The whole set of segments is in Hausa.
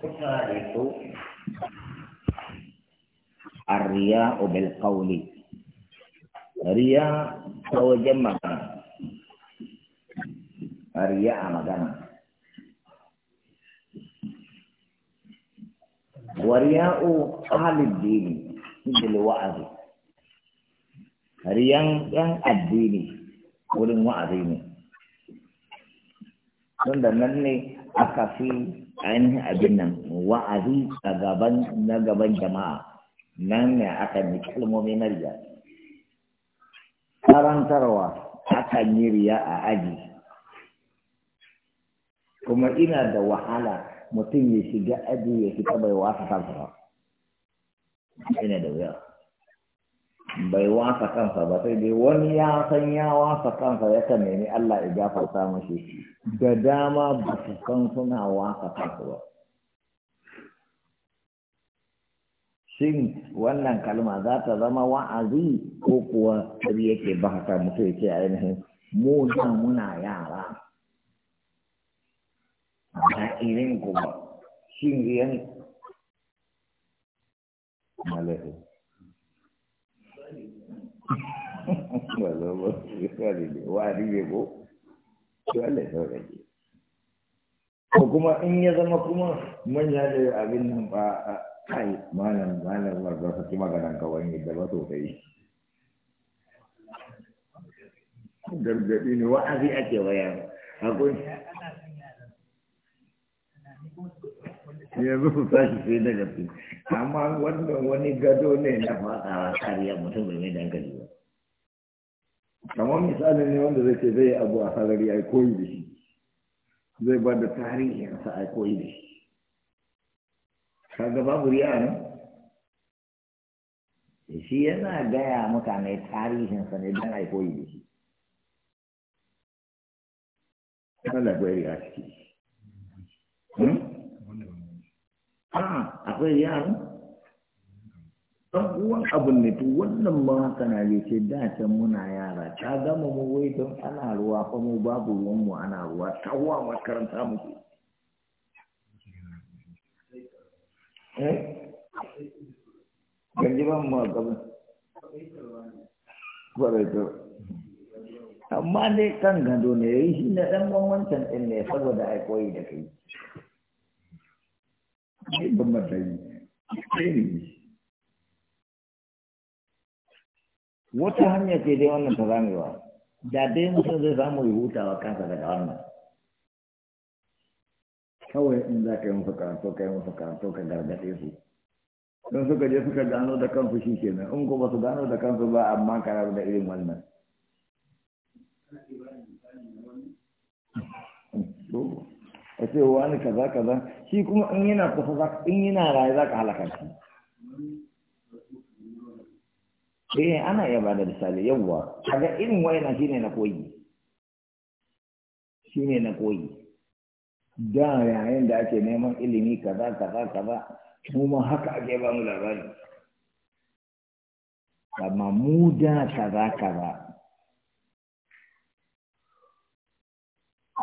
Usaha itu Arya Obel Kauli. Arya Kau Jemang. Arya Amagana. Waria u ahli dini jilu wa'adhi. Hari yang yang ad-dini. Kuling wa'adhi ini. Dan dan ainihin abin nan wa'azi a gaban na gaban jama'a nan ne aka yi kalmomi na riya karantarwa akan yi riya a aji kuma ina da wahala mutum ya shiga aji ya fita bai wasa kansa ina da wuya bai wasa kansa ba sai dai wani ya san ya wasa kansa ya kan nemi Allah ya gafarta mashi da dama ba su san suna wasa kansa ba shin wannan kalma za ta zama wa'azi ko kuwa tabi yake ba haka mutum yake ainihin mu muna yara a irin kuma. shin yan Walau kuma in ya zama kuma manya da abin nan ba a kai malam malam marza su ci maganan kawai ne da ba sosai. Gargaɗi ne wa'azi ake wayan. Akwai yanzu su tashi sai na gaske amma wannan wani gado ne na fata a kariya mutum bai mai dankali ba kamar misali ne wanda zai ce zai yi abu a sarari a koyi da shi zai ba da tarihinsa a koyi da shi kaga babu riya ne eh, shi yana gaya mutane tarihinsa ne don a koyi da shi Allah bai riya ciki. Hmm? a'a akwai yaran ɗan uwan abin ne to wannan ma haka na ce da can muna yara ta gama mu wai don ana ruwa fa mu babu ruwan mu ana ruwa ta wa makaranta eh? mu ke ban ma kwaraitar amma dai kan gado ne ya yi shi na ɗan wancan ɗin ne saboda aikoyi da kai ne ban wata hanya ce dai wannan ta zamewa da dai mutum zai samu ya hutawa kansa daga wannan kawai in za ka yi musu karanto ka yi musu karanto ka gargaɗe su don suka je suka gano da kansu shi kenan in ko ba su gano da kansu ba amma ka rabu da irin wannan Thank ka ce ni kaza kaza shi kuma in yana kusa za in yana raye za ka halaka shi eh ana iya bada misali yawwa kaga irin wayana shine na koyi shine na koyi da yayin da ake neman ilimi kaza kaza kaza mu ma haka ake ba mu labari amma mu da kaza kaza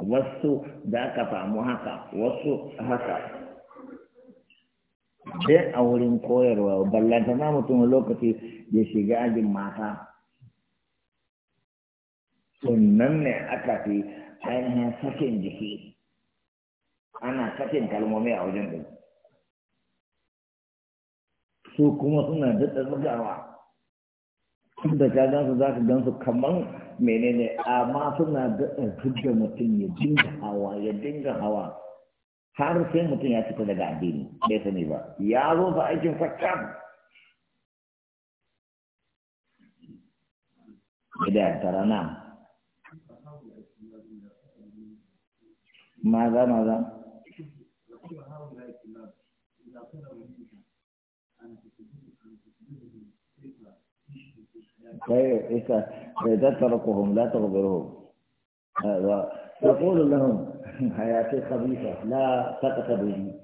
wasu za ka samu haka wasu haka dai a wurin koyarwa ballanta na mutum lokaci ya shiga ajin mata sunan ne aka fi ainihin sakin jiki ana sakin kalmomi a wajen ɗin su kuma suna daɗa bugawa tun da ka su za gan su kamar menene amma suna daɗa da mutum ya dinga hawa ya dinga hawa har sai mutum ya fita daga addini bai sani ba ya zo aikin sakam tara na maza maza تتركهم طيب، لا هذا تقول لهم حياتي خبيثة لا تقتبلي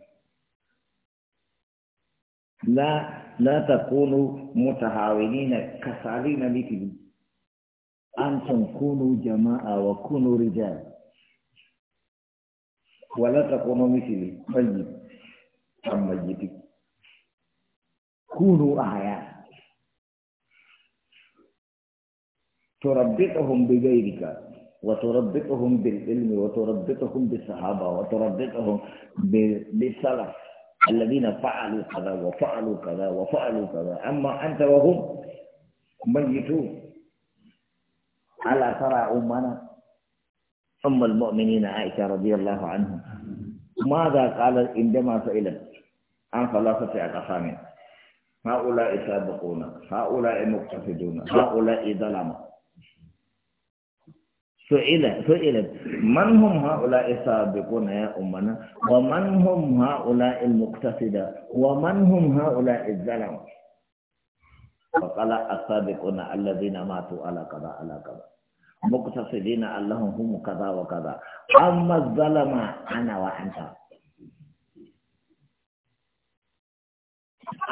لا لا تكونوا متهاونين كسالين مثلي أنتم كونوا جماعة وكونوا رجال ولا تكونوا مثلي ميت طيب، أم ميتي كونوا أحياء تربطهم بغيرك وتربطهم بالعلم وتربطهم بالصحابة وتربطهم بالسلف الذين فعلوا كذا وفعلوا كذا وفعلوا كذا أما أنت وهم ميتون على ترى أمنا أم المؤمنين عائشة رضي الله عنها ماذا قال عندما سئلت عن خلاصة أقسام هؤلاء سابقون هؤلاء مقتصدون هؤلاء ظلمة سئل سئل من هم هؤلاء السابقون يا أمنا ومن هم هؤلاء المقتصدة ومن هم هؤلاء الزلمة فقال السابقون الذين ماتوا على كذا على كذا مقتصدين اللهم هم كذا وكذا أما الظلم أنا وأنت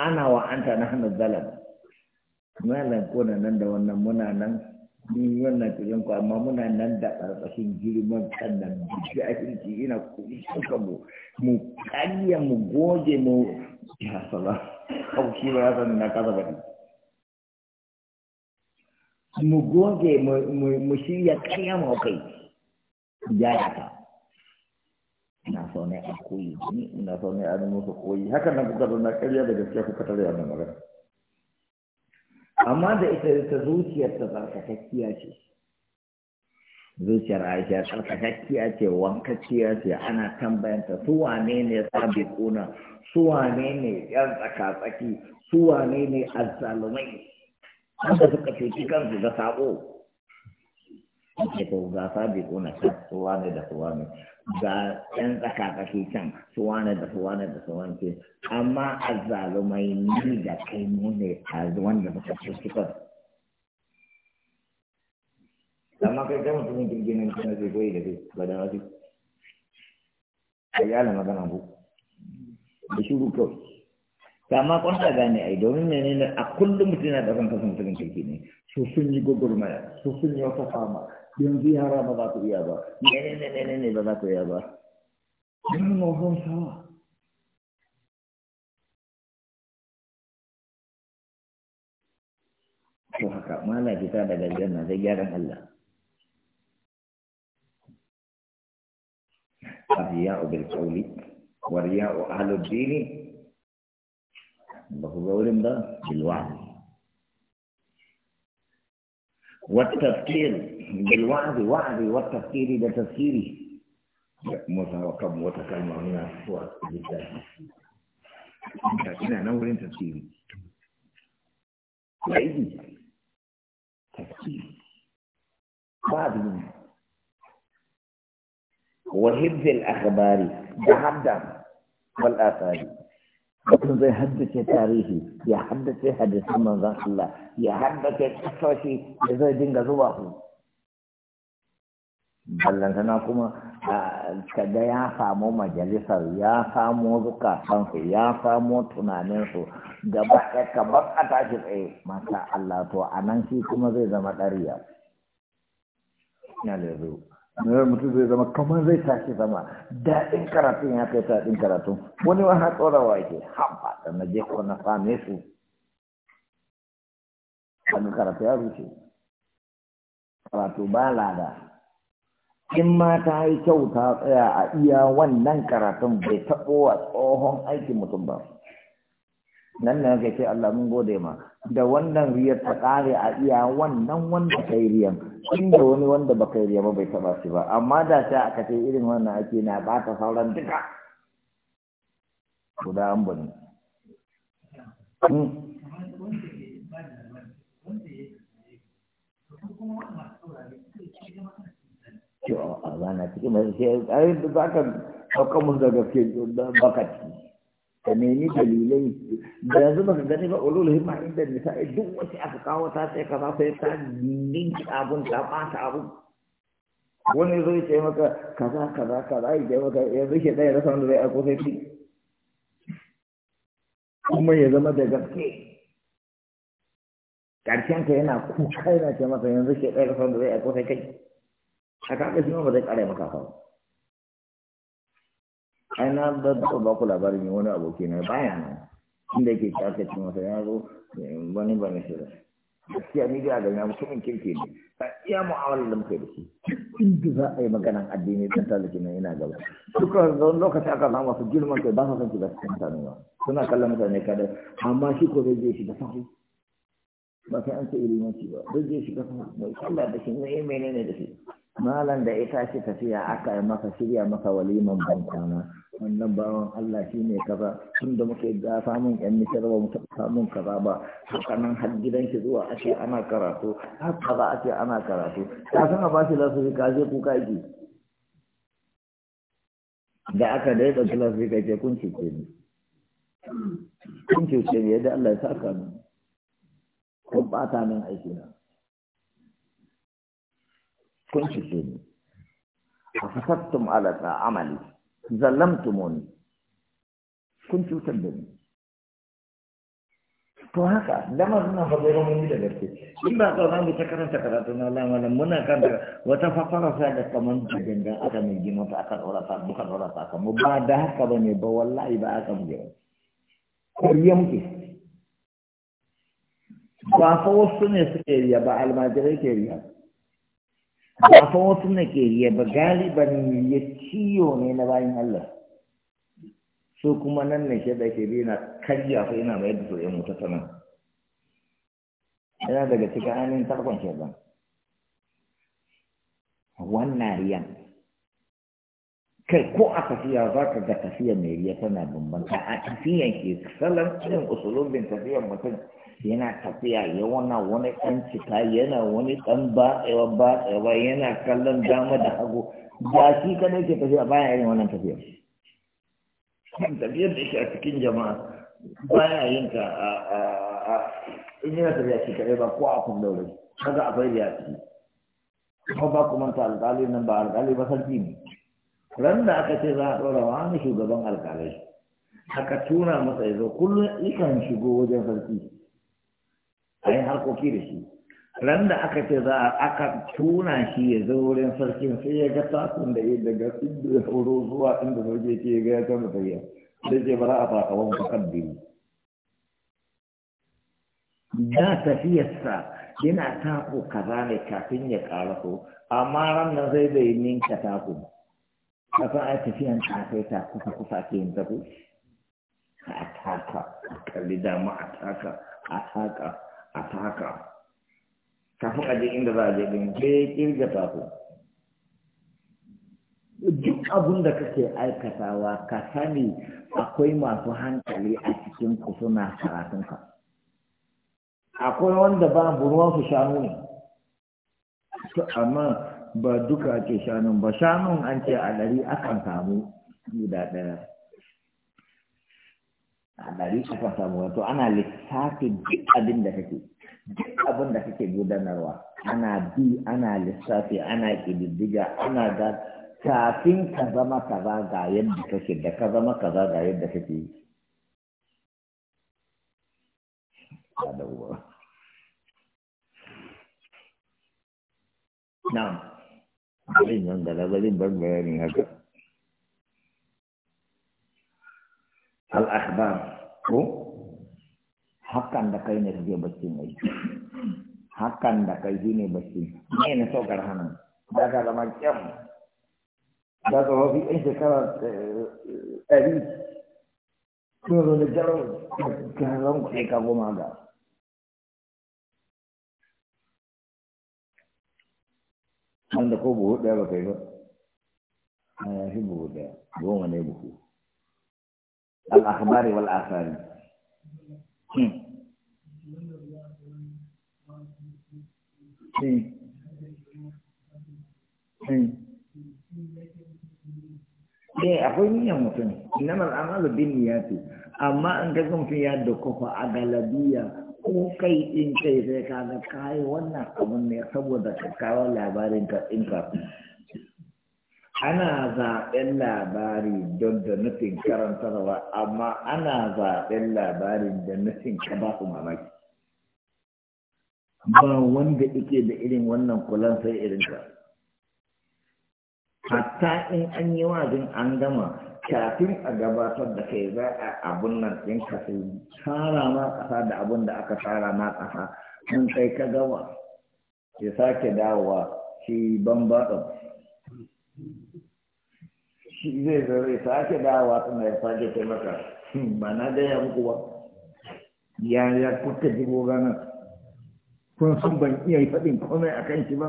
أنا وأنت نحن الظلم ما لنكون نندو ونمنا ننسى ni wannan tuyon ku amma muna nan da ƙarƙashin girman kan nan a jahilci ina kuɗi suka mu mu ƙarya mu goge mu ya sala kaushi ba ya sani na kasa ba mu goge mu shirya ƙarya mu kai ya yaka ina sau ne a koyi ni ina so ne a nuna su koyi hakan nan kuka zo na ƙarya da gaskiya kuka tare wannan magana amma da ita ta zuciyar ta tsarkakakkiya ce zuciyar aisha tsarkakakkiya ce wankakkiya ce ana ta su wane ne kuna su wane ne yan tsakatsaki su wane ne azzalumai wanda suka cuci kansu da sabo ake ta ga sabiquna su wane da su wane ga ɗan tsaka-tsaki can su wane da su wane da su wanke amma azzalumai ni da kai mu ne a wanda muka ci suka amma kai ga mutumin jirgin nan kuma zai goyi da kai da wasu a yi magana ku da amma ta gane domin menene a kullum mutum yana da kan kasan mutumin kirki ne su sun yi gwagwarmaya su sun yi wata fama yanzu yara ba za ku iya ba ne ne ne ne ba za ku iya ba yan mahon sawa ko haka mala fita daga janna sai gyaran Allah أرياء بالقول ورياء أهل الدين الله قول بالوعد والتذكير بالوعد وعد والتذكير بتذكيره موسى وكم وتكلم هنا لكن أنا أولين تذكيري وعيدي تذكير بعد منه وحفظ الأخبار جهدا والآثار mutum zai haddace tarihi ya haddace hadisan manzan Allah ya haddace kasoshi da zai dinga zuwa ku ballantana kuma kada ya samu majalisar ya samu zukatansu ya samu tunaninsu gaba ɗaya kamar a tashi tsaye mata Allah to a nan shi kuma zai zama ɗariya. Na mai eh, mutum zai zama kamar zai tashi zama daɗin karatun ya kai daɗin karatun wani wani tsorawa yake haɓa da na je ko na same su wani karatu ya rushe. karatu ba lada in ma ta yi kyau ta tsaya a iya wannan karatun bai taɓo a tsohon aikin mutum ba nan ne ce Allah mun gode ma da wannan riyar ta kare a iya wannan wanda kai riyan da wani wanda ba kai riya ba bai taba shi ba amma da sai aka ce irin wannan ake na bata sauran duka guda an bani hmm. Yo, a zana cikin mai a yi da ka dauka mun da gaske da bakaci. ka nemi dalilai da yanzu baka gani ba ulul himma inda nisa a duk wacce aka kawo ta sai kaza sai ta ninki abun ta bata abun wani zai ce maka kaza kaza kaza ya ce maka yanzu ke ɗaya rasa wanda zai aiko sai fi kuma ya zama da gaske ƙarshen ka yana kuka yana ce masa yanzu ke ɗaya rasa wanda zai aiko sai kai a kaga shi ma ba zai ƙara maka kawo ai na ba ba ku labarin wani aboki na baya nan inda yake kyakar cin wata ya wani ba na shirin gaskiya ni da a mutumin kirki ne iya mu'amalar da muka yi da shi inda za a yi maganan addini kan talaki na ina gaba duka zon lokaci aka zama su girman kai ba su san ki ba ba suna kallon mutane kada amma shi ko zai je shi da sauri ba sai an ce ilimanci ba duk zai shiga mai sallah da shi ne ne da shi malam da ita ce tafiya aka yi maka shirya maka waliman bankana wannan bawan Allah shi ne kaza tun da muke ga samun yan nishar ba muka samun kaza ba hakanan har gidan shi zuwa ake ana karatu har kaza ake ana karatu ka san a ba shi lasu ka je kuka ki da aka da ya ɗauki lasu ka ce kun ce ne kun ce ne yadda Allah ya saka mu kun bata min aiki na kun shige ni afafattum ala amali zallamtumuni kun cutar da ni to haka dama suna faɗo mun yi da gaske in ba ka zamu ta karanta karatu na Allah malam muna kan da wata fafara sa da kaman dangan aka mai gima ta aka dora ta buka dora ta kamar ba da haka ba bane ba wallahi ba aka mu gina kariya muke ba wasu ne suke riya ba almajirai ke riya ba wasu ne ke riya ba galiban ya ciyo ne na bayan Allah so kuma nan ne shi da ke na karya fa yana mai da soyayya mutu ta nan yana daga cikin ainihin tarkon shi ba wannan riyan kai ko a tafiya za ka ga tafiya mai riya tana bambanta a tafiyan ke salon irin bin tafiyan mutum yana tafiya wana wani ɗan cika yana wani ɗan batsewa batsewa yana kallon dama da hagu ba shi kada yake tafiya baya yin wannan tafiya tafiyar da yake a cikin jama'a baya yin ta a in yana tafiya shi kaɗai ba ko a kun daure kaga akwai da yaki ko ba kuma ta alƙali nan ba alƙali ba sarki ne ran da aka ce za a ɗora wani shugaban alƙalai aka tura masa ya zo kullum ikan shigo wajen sarki a yi harkoki da shi ran da aka ce za a aka tuna shi ya zo wurin sarkin sai ya ga tasun da ya daga inda ya sauro zuwa inda sarki ke ga ya kama tafiya sai ce bara a fakawan fakar biyu da tafiyarsa yana tako kaza ne kafin ya karaso amma ran nan zai bai ninka tako kasan ai tafiyan ta kai ta kusa kusa ake yin tako a taka a kalli dama a taka a taka a taka kafin aje inda za a je din ke kirga ku. duk abun da kake aikatawa ka sani akwai masu hankali a cikin ku suna karatunka akwai wanda ba ruwan su shanu ne amma ba duka ake shanun ba shanun an ce a ɗari akan samu guda ɗaya a ɗari akan samu wato ana lissafi duk abin da kake duk abin da kake gudanarwa ana bi ana lissafi ana ƙididdiga ana ga kafin ka zama kaza ga yadda kake da ka zama kaza ga yadda kake yi Na'am. Abin nan da labarin ban bayanin haka. Al-ahbar ko hakan da kai ne suke bacci mai hakan da kai shi ne bacci mai na saukar hannun za ka zama kyan za ka mafi shekara eh, ɗari zo da kuɗi ka goma ga wanda ko buhu ɗaya ba kai ba ah, a buhu ɗaya goma ne buhu al-akhbari wal Eh hmm. hmm. hmm. akwai niyan mutum, inamar amalu bin niyati, amma in ka mutum ya kofa a galabiya ko kai in kai sai ka ga kayi wannan abun ne saboda ka labarin ka in ka ana zaɓen labari don da nufin karantarwa amma ana zaɓen labarin da nufin ka ba su mamaki ba wanda yake da irin wannan kulan sai irin ka hatta in an yi wajin an gama kafin a gabatar da kai za a abun nan ɗin ka sai tsara ma ƙasa da abun da aka tsara ma ƙasa mun kai ka gama ya sake dawowa shi ban ba baɗin shi zai zai sake dawa suna ya sake ce maka ba na gaya muku ba ya ya kuka ji gogana kun san ban iya yi faɗin komai a kan shi ba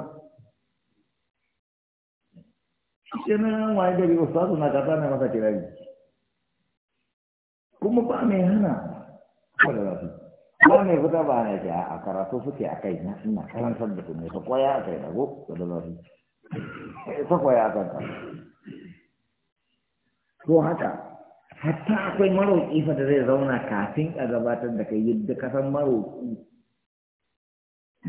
shi na wani gari ustazu na kasa na masa kirari kuma ba mai hana wadda za su ba ne fita ba ne a karatu suke a kai na suna karantar da kuma ya koya a kai go, wadda za su ita kwa ka kanta ko haka hatta akwai maroƙi fa da zai zauna kafin a gabatar da kai yadda ka san maroƙi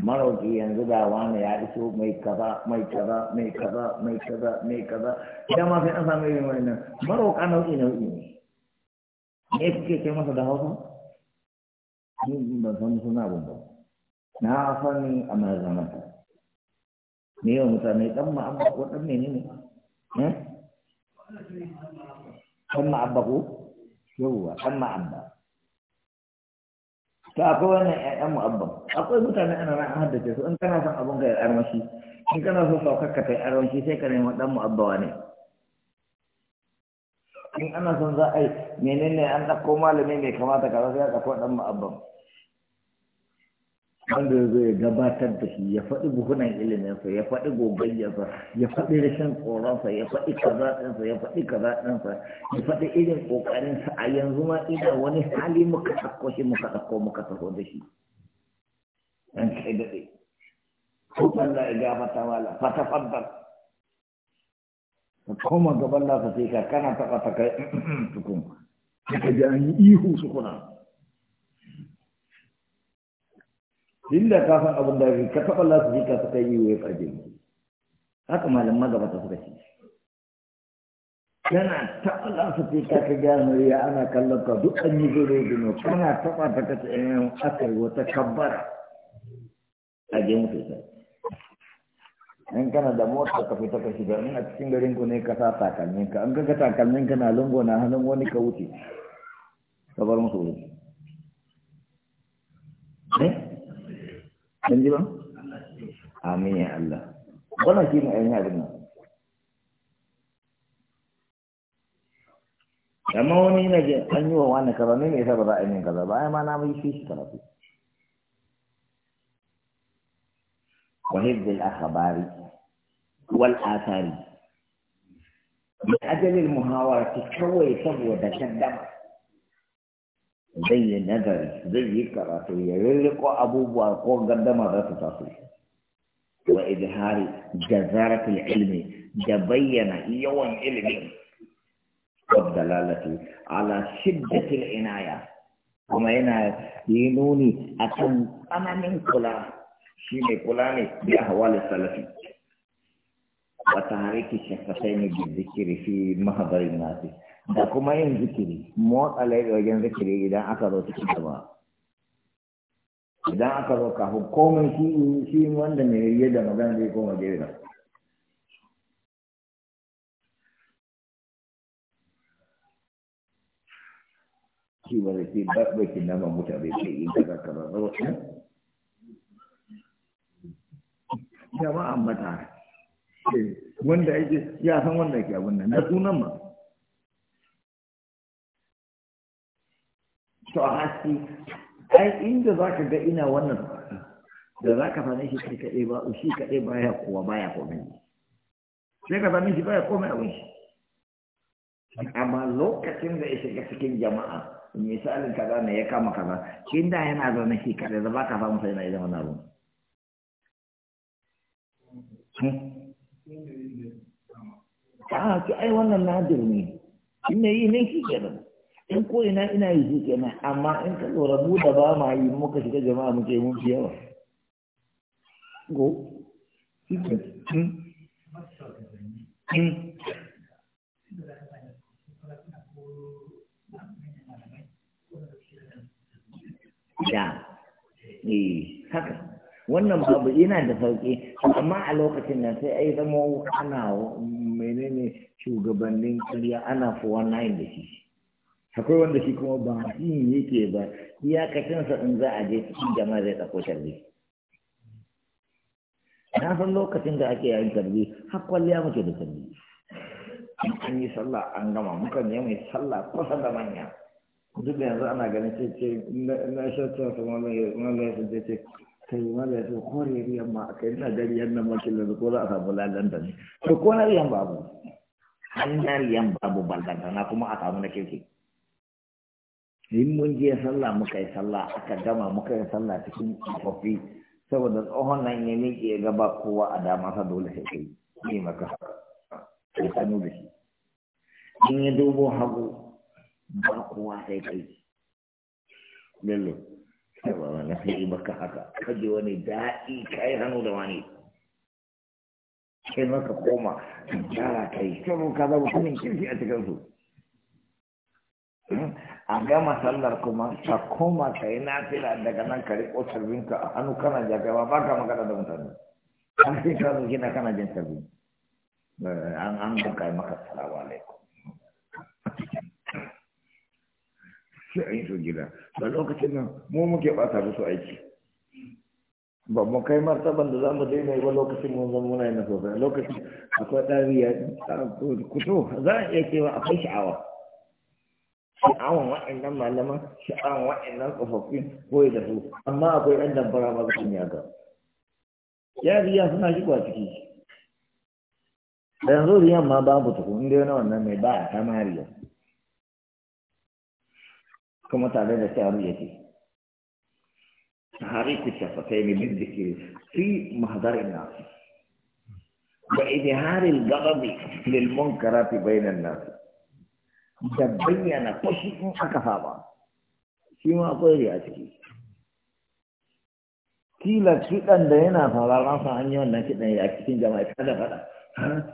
maroƙi yanzu da wani ya iso mai kaza mai kaza mai kaza mai kaza mai kaza idan ma sai an samu irin wannan maroƙa nau'i nau'i ne me kuke kai masa da hausa ni ban san suna bambam na san a mai zamanta ne wa mutane dan abba ko dan ne eh dan abba ko yawa dan abba ta ne dan ma abba? akwai mutane ana nan an haddace su in kana son abun ga armashi in kana son saukar ka kai armashi sai ka nemi dan mu'abbawa ne in ana son za a yi menene an ɗauko malami mai kamata ka zai ya ɗauko dan abba. wanda ya zo ya gabatar da shi ya faɗi buhunan iliminsa ya faɗi gogayyarsa ya faɗi rashin tsoronsa ya faɗi kazaɗinsa ya faɗi kazaɗinsa ya faɗi irin ƙoƙarinsa a yanzu ma ina wani hali muka ɗauko shi muka ɗauko muka taho da shi ɗan kai daɗe ko Allah ya gafata mala fata faddar ka koma gaban lafa sai ka kana taɓa ta kai tukun ka ji an yi ihu sukuna inda ka san abin da ka taɓa lasu ka suka yi wa ya farje mu haka malam magabata suka ce kana taɓa lasu ka ka gano ya ana kallon ka duk an yi zuro dino kana taɓa ta kace ɗayan aka yi wata kabbara a je mu fita in kana da mota ka fita ka shiga in a cikin garin ku ne ka sa takalmin ka an ka takalmin ka na lungo na hannun wani ka wuce ka bar musu wuce Kan ji ba? Amin ya Allah. Wannan shi ne ainihin abin nan. amma wani yana jin an yi wa wani kaza ne yasa ba za a yi min kaza ba ai ma na mai shi shi karatu wa hibdil wal asari. min ajali al muhawarati kawai saboda dama? zai yi nazari zai yi karatu ya rirriko abubuwa ko gaddama za su taso wa izhari jazaratul ilmi da bayyana yawan ilimin waddalalati ala shiddatil inaya kuma yana yi nuni a kan tsananin kula shi ne kula ne bi ahwali salafi wa tahariki shafatai ne bi zikiri fi mahadarin nasi da kuma yin zikiri motsa laifi wajen zikiri idan aka zo cikin gaba idan aka zo kafu komin shi shi wanda mai yi da magana zai koma jera shi ba zai ce ba ba ki nama mutu bai yi in kaza kaza ba eh? jama'a mata eh, wanda yake ya san wanda ke abin nan na sunan ma to a haske ai inda za ka ga ina wannan da za ka fane shi kai kaɗai ba shi kaɗai ya kowa ba ya komai sai ka same shi ba ya komai a wunshi amma lokacin da ya shiga cikin jama'a misalin kaza ne ya kama kaza shi da yana zaune shi kaɗai da ba ka samu sai na idan wani abu hmm? a ah, ai wannan nadir ne shi ne yi ne shi kenan in ko ina ina yi shi kenan amma in ka tsora mu da ba ma yi muka shiga jama'a muke mun fi yawa go hmm. Hmm. Ya, eh, haka wannan babu yana da sauƙi amma a lokacin nan sai ai zama ana menene shugabannin kariya ana 419 da shi akwai wanda shi kuma ba shi yake ba sa in za a je cikin jama'a zai tsako tarbi na san lokacin da ake yayin tarbi har kwalliya muke da tarbi an yi sallah an gama muka yi mai sallah kusa da manya duk da yanzu ana ganin ce ce na shatta su mamaye sun ce ce kai mamaye sun kore riyan ma kai na gari yan nan makin da ko za a samu lalan da ne ko na riyan babu an na riyan babu ballanta na kuma a samu na kirki in mun je sallah muka yi sallah aka gama muka yi sallah cikin kofi saboda tsohon nan ya miƙe ya gaba kowa a dama sa dole sai kai ne maka sai sanu da shi in ya dubo hagu ba kowa sai kai lullu sai ba wani sai yi maka haka kaje wani daɗi kai hannu da wani sai maka koma gyara kai sai ka zama kunin kirki a cikin su hmm? a gama sallar kuma ka koma ka yi nafila daga nan ka riƙo sarbinka a hannu kana jagawa ba ka magana da mutane an fi ka zo gina kana jin sarbi eh, an an da kai maka salawa alaikum sai an yi so gida ba lokacin nan mu muke ɓata musu aiki ba mu kai martaban da za mu daina yi ba lokacin mun zama muna yi na sosai lokacin akwai ɗari ya kuto za a iya cewa akwai sha'awa sha'awan waɗannan malaman sha'awan waɗannan tsofaffin ko da su amma akwai ɗan damfara ba su ya ga ya riya suna kwa ciki da yanzu riyan ma babu tuku inda yana wannan mai ba a kama riya kuma tare da ku sha'ar yake تحريك الشفتين بالذكر في محضر الناس وإظهار الغضب للمنكرات بين الناس da bayyana fashi in aka saba shi ma akwai riya ciki kila kiɗan da yana sauraron sa an hanyar wannan kiɗan ya cikin jama'a kada faɗa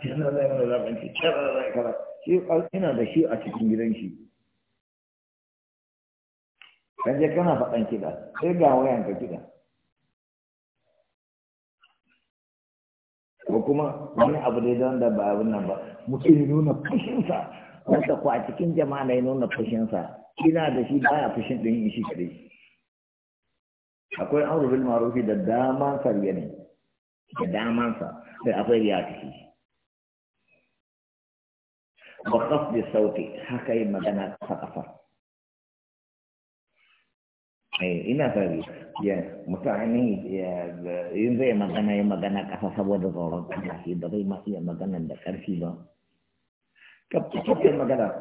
kira da yana da shi ina da shi a cikin gidan shi kan je kana faɗan kiɗa sai ga wayan ka kiɗa ko kuma wani abu dai da ba abin nan ba mutum nuna fushinsa wanda ko a cikin jama'a na nuna fushinsa ina da shi baya fushin ɗin shi kaɗai akwai amru bil ma'rufi da daman sa ne da daman sa sai akwai riya Ba wa qasdi sauti haka yi magana kafa kafa eh, ina sari ya mutane yin zai magana yin magana kafa saboda tsoron Allah shi ba zai ma iya magana da karfi ba كبتكبت المجالات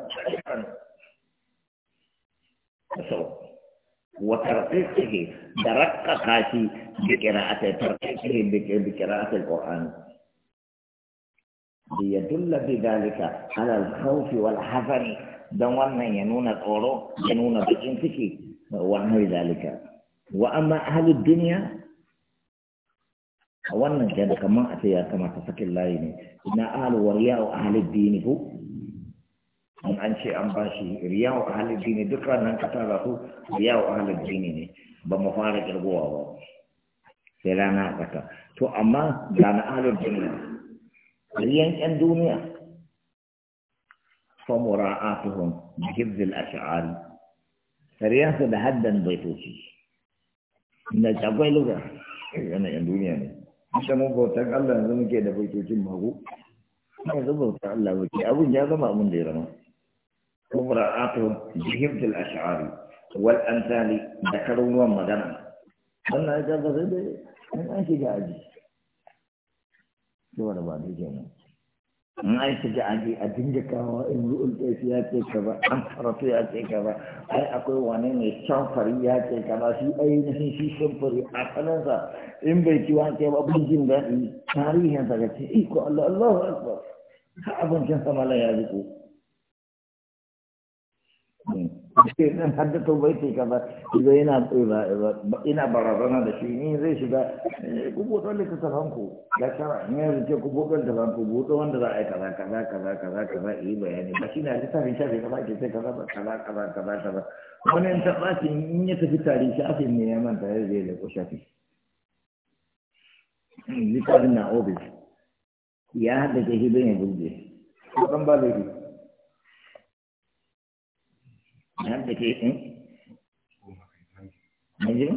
وترقيقه درق بقراءة ترقيقه بقراءة القرآن ليدل بذلك على الخوف والحزن دوانا ينون الأورو ينون بجنسك ونحو ذلك وأما أهل الدنيا a wannan ke da kamar a ce ya kamata sakin layi ne ina ahalu wa riya'u ahalid dini ko in an ce an ba shi riya'u ahalid dini duk wannan ka tara su riya'u ahalid dini ne ba mu fara kirgowa ba sai rana a tsaka to amma ga na ahalid duniya riyan yan duniya fa mura'atuhum bi hifzil ash'ari riyan su da haddan baitoci da jagwai lugar yana yan duniya ne ita mu bautan Allah yanzu muke da baitocin mago yanzu bautan Allah muke abun ya zama abin da ya zama وقراءاته بهبد الأشعار والأمثال ذكروا ومدنا أنا إذا قصد أن أنت جاء جي شو أنا بعد in an shiga aji a dinga kawo in ru'ul ɗaifi ya ce ka ba an faratu ya ce ka ba ai akwai wani mai camfari ya ce ka ba shi ainihin shi camfari a kanansa in bai ci wake ba bin jin daɗi tarihinsa ga ce iko Allah Allahu Akbar ka abincin la ya zuko nan haddato baiti kaza idan yana ina barazana da shi ni zai shiga eh, ku buɗo littattafan ku ya kara ah, ni yanzu ce ku buɗo littattafan ku buɗo wanda za a yi kaza kaza kaza kaza kaza yi bayani ba shi na littafin shafi kaza ke sai kaza ba kaza kaza kaza kaza wani ta ɓaci in ya tafi tari shafi ne ya manta ya zai da leƙo shafi littafin na ofis ya haɗa ke shi ya burge ko ɗan ba zai har da ke in eh? majina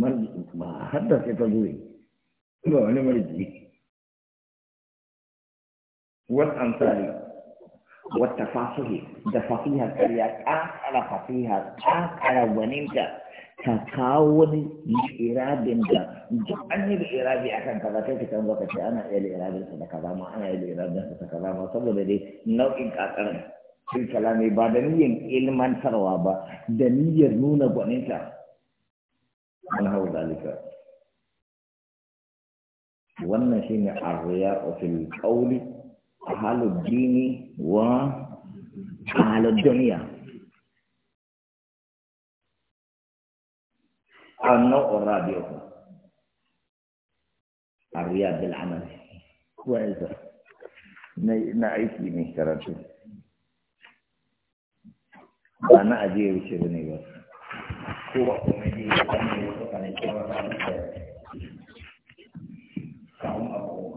marji ba har da sai ta zuwe ba wani marji wal amsali wata fasuhi da fasihar karya ƙaƙara fasihar ƙaƙara waninta, ta kawo wani irabin da duk an yi da irabi a kan kaza kai kan ce, ana iya da irabin sa da kaza ma ana iya da irabin sa da kaza ma saboda dai nau'in ƙaƙarar fil kalami ba da niyyar ilmantarwa ba da niyyar nuna gwaninta an hau zalika wannan shine arriya fil qawli halud dini wa halud dunya النوع الرابع الرياء بالعمل كويس نعيش من كرامته ana na ajiye wuce ba kuma ji wani ne kanin